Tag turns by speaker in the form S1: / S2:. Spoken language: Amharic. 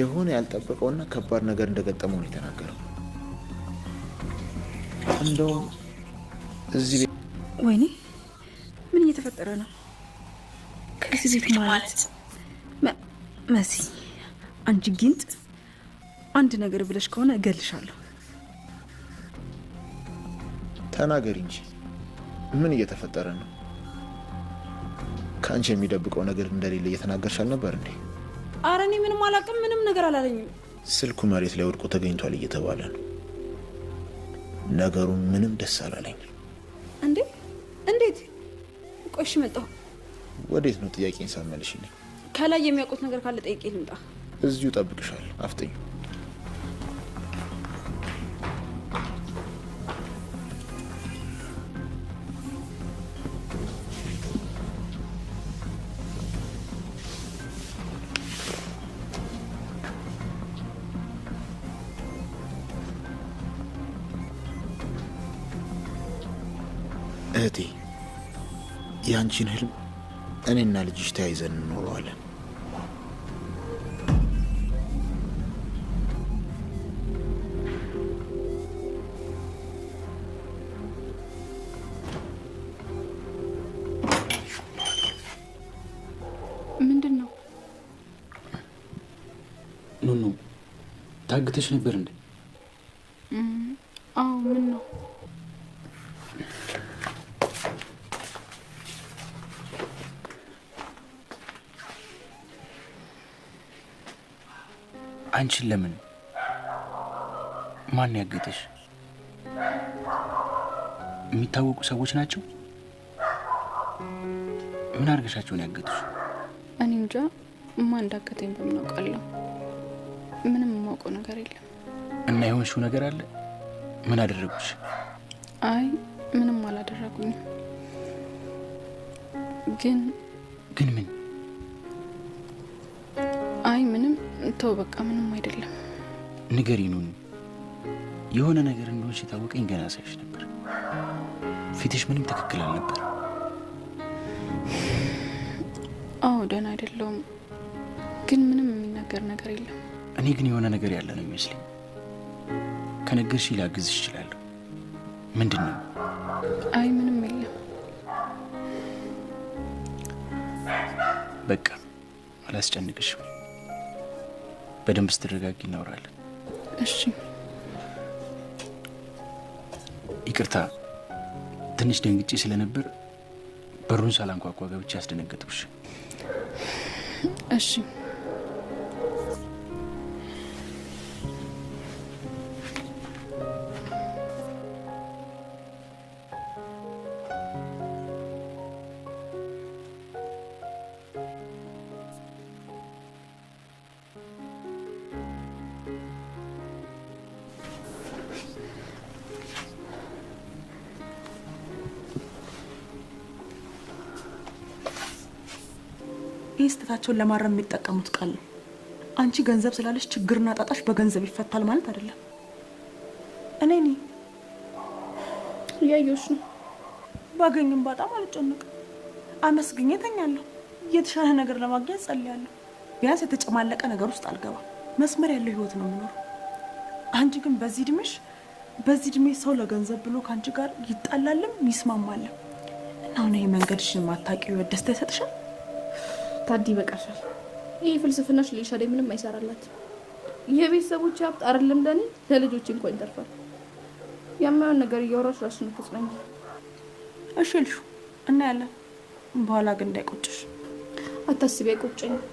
S1: የሆነ ያልጠበቀውና ከባድ ነገር እንደገጠመው ነው የተናገረው። እንደውም እዚህ
S2: ወይኔ ምን እየተፈጠረ ነው?
S3: ከዚህ ቤት ማለት
S2: መሲ፣ አንቺ ጊንጥ፣ አንድ ነገር ብለሽ ከሆነ እገልሻለሁ።
S1: ተናገሪ እንጂ ምን እየተፈጠረ ነው? ከአንቺ የሚደብቀው ነገር እንደሌለ እየተናገርሽ አልነበር እንዴ?
S2: አረ እኔ ምንም አላውቅም፣ ምንም ነገር አላለኝም።
S1: ስልኩ መሬት ላይ ወድቆ ተገኝቷል እየተባለ ነው። ነገሩ ምንም ደስ አላለኝ።
S2: እንዴ እንዴት? ቆሽ መጣሁ።
S1: ወዴት ነው? ጥያቄን ሳመልሽ
S2: ከላይ የሚያውቁት ነገር ካለ ጠይቄ ልምጣ።
S1: እዚሁ ጠብቅሻል። አፍጠኝ እህቴ የአንቺን ህልም እኔና ልጅሽ ተያይዘን እንኖረዋለን። ምንድን ነው? ኑኑ ታግተሽ ነበር እንዴ?
S2: አዎ። ምን ነው
S1: አንቺን ለምን? ማን ያገተሽ? የሚታወቁ ሰዎች ናቸው? ምን አድርገሻቸውን ያገቱሽ?
S2: እኔ እንጃ። ማን እንዳገተኝ በምን አውቃለሁ? ምንም የማውቀው ነገር የለም።
S1: እና የሆንሽው ነገር አለ? ምን አደረጉሽ?
S2: አይ ምንም አላደረጉኝም። ግን ግን ምን ተው በቃ ምንም አይደለም።
S1: ንገሪ ኑኑ፣ የሆነ ነገር እንደሆንሽ የታወቀኝ ገና ሳይሽ ነበር። ፊትሽ ምንም ትክክል አልነበር።
S2: አዎ ደህና አይደለሁም፣ ግን ምንም የሚናገር ነገር የለም።
S1: እኔ ግን የሆነ ነገር ያለ ነው ይመስለኝ። ከነገርሽ ላግዝ እችላለሁ። ምንድን ነው?
S2: አይ ምንም የለም።
S1: በቃ አላስጨንቅሽም። በደንብ ስትረጋጊ እናወራለን። እሺ። ይቅርታ ትንሽ ደንግጬ ስለነበር በሩን ሳላንኳኳ ገብቼ ያስደነገጥኩሽ።
S2: እሺ።
S4: ይህ ስህተታቸውን ለማረም የሚጠቀሙት ቃል ነው። አንቺ ገንዘብ ስላልሽ ችግርና ጣጣሽ በገንዘብ ይፈታል ማለት አይደለም። እኔ ኔ እያየሁሽ ነው። ባገኝም በጣም አልጨነቅም። አመስግኝ ተኛለሁ። የተሻለ ነገር ለማግኘት ጸልያለሁ። ቢያንስ የተጨማለቀ ነገር ውስጥ አልገባም። መስመር ያለው ህይወት ነው የምኖረው። አንቺ ግን በዚህ እድሜሽ በዚህ እድሜ ሰው ለገንዘብ ብሎ ከአንቺ ጋር ይጣላልም ይስማማልም እና አሁን ይህ መንገድሽን ማታውቂው ደስታ ይሰጥሻል?
S2: ታዲ ይበቃሻል። ይህ ፍልስፍናሽ ላይ ምንም አይሰራላት። የቤተሰቦች ሀብት አይደለም ለእኔ ለልጆች እንኳን ይተርፋል። የማየውን ነገር እያወራሽ ራስሽን ትጽናኝ።
S4: እሺ ልሹ እና ያለን በኋላ ግን እንዳይቆጭሽ
S2: አታስቢ። አይቆጨኝም።